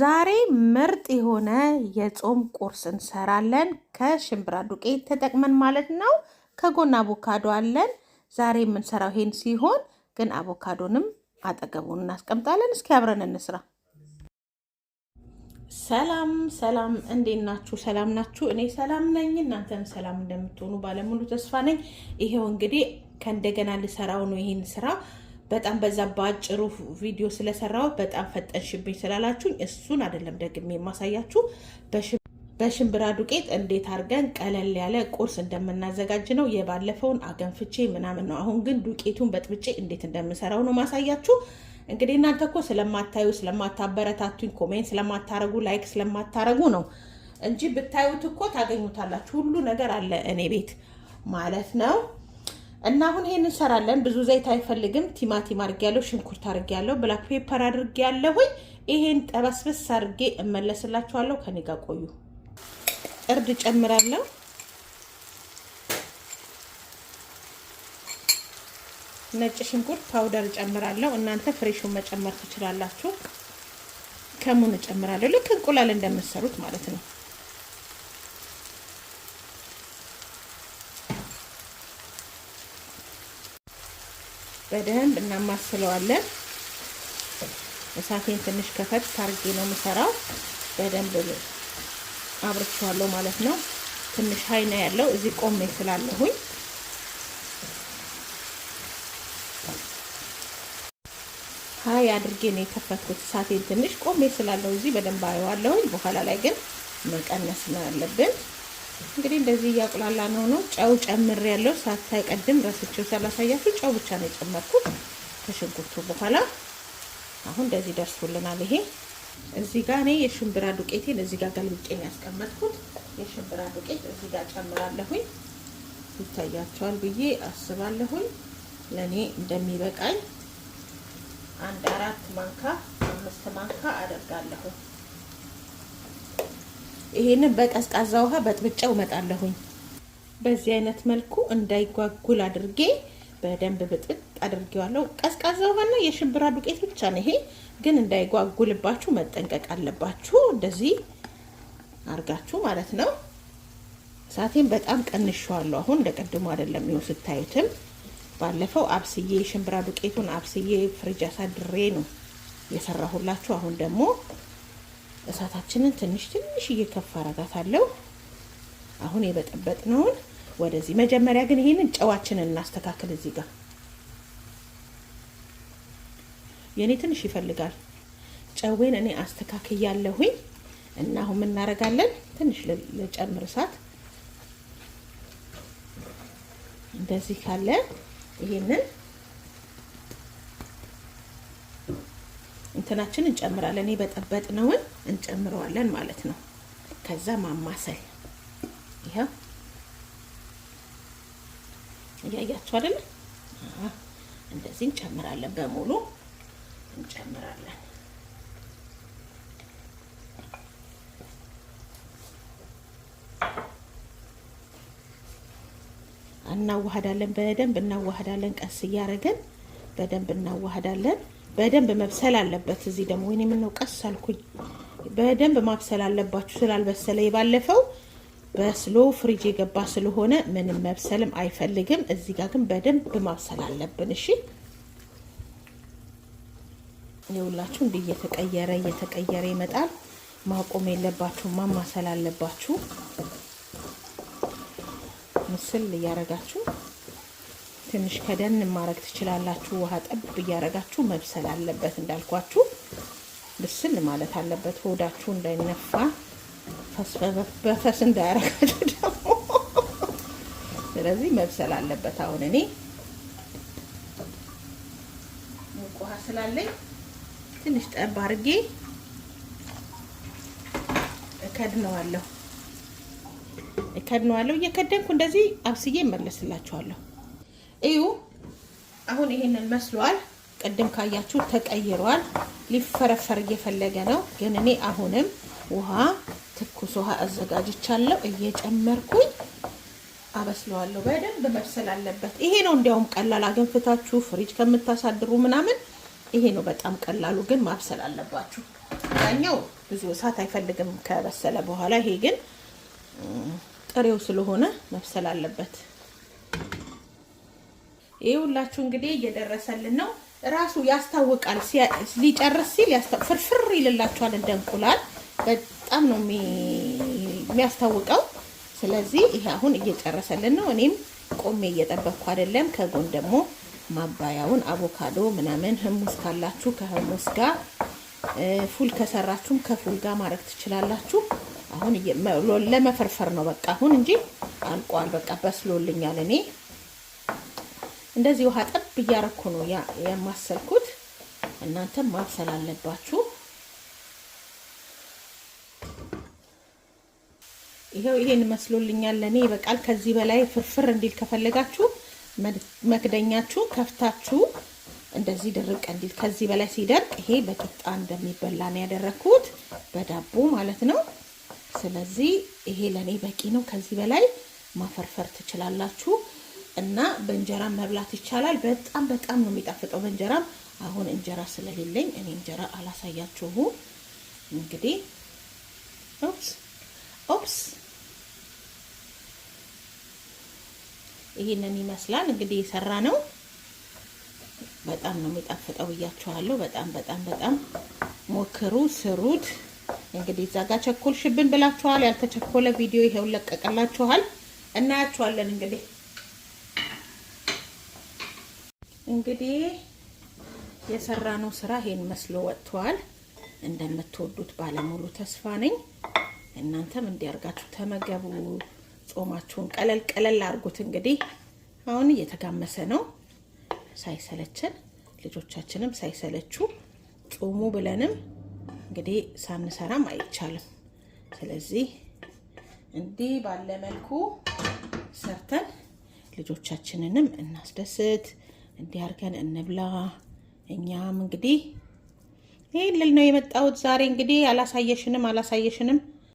ዛሬ ምርጥ የሆነ የጾም ቁርስ እንሰራለን ከሽምብራ ዱቄት ተጠቅመን ማለት ነው። ከጎን አቮካዶ አለን። ዛሬ የምንሰራው ይሄን ሲሆን ግን አቮካዶንም አጠገቡን እናስቀምጣለን። እስኪ አብረን እንስራ። ሰላም ሰላም፣ እንዴት ናችሁ? ሰላም ናችሁ? እኔ ሰላም ነኝ። እናንተም ሰላም እንደምትሆኑ ባለሙሉ ተስፋ ነኝ። ይሄው እንግዲህ ከእንደገና ልሰራው ነው ይሄን ስራ በጣም በዛ በአጭሩ ቪዲዮ ስለሰራው በጣም ፈጠንሽብኝ ስላላችሁኝ እሱን አይደለም ደግሜ የማሳያችሁ በሽምብራ ዱቄት እንዴት አድርገን ቀለል ያለ ቁርስ እንደምናዘጋጅ ነው። የባለፈውን አገንፍቼ ምናምን ነው። አሁን ግን ዱቄቱን በጥብጬ እንዴት እንደምሰራው ነው ማሳያችሁ። እንግዲህ እናንተ እኮ ስለማታዩ ስለማታበረታቱኝ፣ ኮሜንት ስለማታረጉ፣ ላይክ ስለማታረጉ ነው እንጂ ብታዩት እኮ ታገኙታላችሁ። ሁሉ ነገር አለ እኔ ቤት ማለት ነው። እና አሁን ይሄን እንሰራለን። ብዙ ዘይት አይፈልግም። ቲማቲም አድርጌያለሁ፣ ሽንኩርት አድርጌያለሁ፣ ብላክ ፔፐር አድርጌያለሁኝ። ይሄን ጠበስብስ አድርጌ እመለስላችኋለሁ። ከኔ ጋር ቆዩ። እርድ ጨምራለሁ። ነጭ ሽንኩርት ፓውደር ጨምራለሁ እናንተ ፍሬሹን መጨመር ትችላላችሁ። ከሙን እጨምራለሁ። ልክ እንቁላል እንደምትሰሩት ማለት ነው። በደንብ እናማስለዋለን። እሳቴን ትንሽ ከፈት ታርጌ ነው የምሰራው። በደንብ አብርቸዋለሁ ማለት ነው። ትንሽ ሀይና ያለው እዚህ ቆሜ ስላለሁኝ ሀይ አድርጌ ነው የከፈትኩት። እሳቴን ትንሽ ቆሜ ስላለሁ እዚህ በደንብ አየዋለሁኝ። በኋላ ላይ ግን መቀነስ ነው ያለብን። እንግዲህ እንደዚህ እያቁላላ ነው ነው ጨው ጨምር ያለው ሳታይቀድም ረስቼው ሳላሳያችሁ ጨው ብቻ ነው የጨመርኩት ከሽንኩርቱ በኋላ አሁን እንደዚህ ደርሶልናል። ይሄ እዚህ ጋር እኔ የሽምብራ ዱቄቴን እዚህ ጋር ገልብጬ ነው ያስቀመጥኩት። የሽምብራ ዱቄት እዚህ ጋር ጨምራለሁኝ። ይታያቸዋል ብዬ አስባለሁኝ። ለእኔ እንደሚበቃኝ አንድ አራት ማንካ አምስት ማንካ አደርጋለሁ። ይሄንን በቀዝቃዛ ውሃ በጥብጫው እመጣለሁኝ። በዚህ አይነት መልኩ እንዳይጓጉል አድርጌ በደንብ ብጥጥ አድርጌዋለሁ። ቀዝቃዛ ውሃና የሽምብራ ዱቄት ብቻ ነው። ይሄ ግን እንዳይጓጉልባችሁ መጠንቀቅ አለባችሁ። እንደዚህ አርጋችሁ ማለት ነው። እሳቴን በጣም ቀንሸዋለሁ። አሁን እንደ ቀድሞ አይደለም። ይኸው ስታዩትም ባለፈው አብስዬ የሽምብራ ዱቄቱን አብስዬ ፍሪጅ አሳድሬ ነው የሰራሁላችሁ። አሁን ደግሞ እሳታችንን ትንሽ ትንሽ እየከፍ አረጋታለሁ። አሁን የበጠበጥነውን ወደዚህ መጀመሪያ ግን ይሄንን ጨዋችንን እናስተካክል። እዚህ ጋር የእኔ ትንሽ ይፈልጋል። ጨዌን እኔ አስተካክያለሁኝ እና አሁን እናረጋለን ትንሽ ልጨምር እሳት። እንደዚህ ካለ ይሄንን እንትናችን እንጨምራለን። የበጠበጥነውን እንጨምረዋለን ማለት ነው። ከዛ ማማሰል ይኸው እያያችሁ አይደለ? እንደዚህ እንጨምራለን፣ በሙሉ እንጨምራለን። እናዋህዳለን፣ በደንብ እናዋህዳለን። ቀስ እያደረገን በደንብ እናዋህዳለን። በደንብ መብሰል አለበት። እዚህ ደግሞ ወይኔ የምነው ቀስ አልኩኝ። በደንብ ማብሰል አለባችሁ። ስላልበሰለ የባለፈው በስሎ ፍሪጅ የገባ ስለሆነ ምንም መብሰልም አይፈልግም። እዚህ ጋር ግን በደንብ ማብሰል አለብን። እሺ የሁላችሁ እንዲህ እየተቀየረ እየተቀየረ ይመጣል። ማቆም የለባችሁ፣ ማማሰል አለባችሁ። ምስል እያረጋችሁ ትንሽ ከደን ማድረግ ትችላላችሁ። ውሃ ጠብ እያደረጋችሁ መብሰል አለበት። እንዳልኳችሁ ብስል ማለት አለበት። ሆዳችሁ እንዳይነፋ በፈስ እንዳያረጋችሁ ደግሞ ስለዚህ መብሰል አለበት። አሁን እኔ ሙቅ ውሃ ስላለኝ ትንሽ ጠብ አድርጌ እከድነዋለሁ እከድነዋለሁ። እየከደንኩ እንደዚህ አብስዬ መለስላችኋለሁ። እዩ። አሁን ይሄንን መስሏል። ቅድም ካያችሁ ተቀይሯል። ሊፈረፈር እየፈለገ ነው። ግን እኔ አሁንም ውሃ ትኩስ ውሃ አዘጋጅቻለሁ እየጨመርኩኝ አበስለዋለሁ። በደንብ መብሰል አለበት። ይሄ ነው እንዲያውም ቀላል አገንፍታችሁ ፍሪጅ ከምታሳድሩ ምናምን ይሄ ነው በጣም ቀላሉ። ግን ማብሰል አለባችሁ። ያኛው ብዙ እሳት አይፈልግም ከበሰለ በኋላ። ይሄ ግን ጥሬው ስለሆነ መብሰል አለበት። ይሄ ሁላችሁ እንግዲህ እየደረሰልን ነው። ራሱ ያስታውቃል። ሊጨርስ ሲል ፍርፍር ይልላችኋል። እንደ እንቁላል በጣም ነው የሚያስታውቀው። ስለዚህ ይሄ አሁን እየጨረሰልን ነው። እኔም ቆሜ እየጠበቅኩ አይደለም። ከጎን ደግሞ ማባያውን አቮካዶ ምናምን ህሙስ ካላችሁ ከህሙስ ጋር ፉል ከሰራችሁም ከፉል ጋር ማድረግ ትችላላችሁ። አሁን ለመፈርፈር ነው በቃ አሁን እንጂ አልቋል። በቃ በስሎልኛል እኔ እንደዚህ ውሃ ጠብ እያረኩ ነው የማሰልኩት። እናንተም ማብሰል አለባችሁ። ይሄው ይሄን መስሎልኛል። ለኔ ይበቃል። ከዚህ በላይ ፍርፍር እንዲል ከፈለጋችሁ መክደኛችሁ ከፍታችሁ እንደዚህ ድርቅ እንዲል። ከዚህ በላይ ሲደርቅ ይሄ በቂጣ እንደሚበላ ነው ያደረኩት፣ በዳቦ ማለት ነው። ስለዚህ ይሄ ለእኔ በቂ ነው። ከዚህ በላይ ማፈርፈር ትችላላችሁ። እና በእንጀራም መብላት ይቻላል። በጣም በጣም ነው የሚጣፍጠው በእንጀራም። አሁን እንጀራ ስለሌለኝ እኔ እንጀራ አላሳያችሁም። እንግዲህ ኦፕስ ኦፕስ ይህንን ይመስላል እንግዲህ የሰራ ነው። በጣም ነው የሚጣፍጠው ብያችኋለሁ። በጣም በጣም በጣም ሞክሩ፣ ስሩት። እንግዲህ እዛ ጋር ሽብን ብላችኋል። ያልተቸኮለ ቪዲዮ ይሄው ለቀቀላችኋል። እናያችኋለን እንግዲህ እንግዲህ የሰራነው ስራ ይሄን መስሎ ወጥቷል። እንደምትወዱት ባለሙሉ ተስፋ ነኝ። እናንተም እንዲያርጋችሁ ተመገቡ። ጾማችሁን ቀለል ቀለል አድርጉት። እንግዲህ አሁን እየተጋመሰ ነው ሳይሰለችን፣ ልጆቻችንም ሳይሰለቹ ጾሙ ብለንም እንግዲህ ሳንሰራም አይቻልም። ስለዚህ እንዲህ ባለ መልኩ ሰርተን ልጆቻችንንም እናስደስት። እንዲያርገን እንብላ። እኛም እንግዲህ ይህ ልል ነው የመጣሁት ዛሬ። እንግዲህ አላሳየሽንም አላሳየሽንም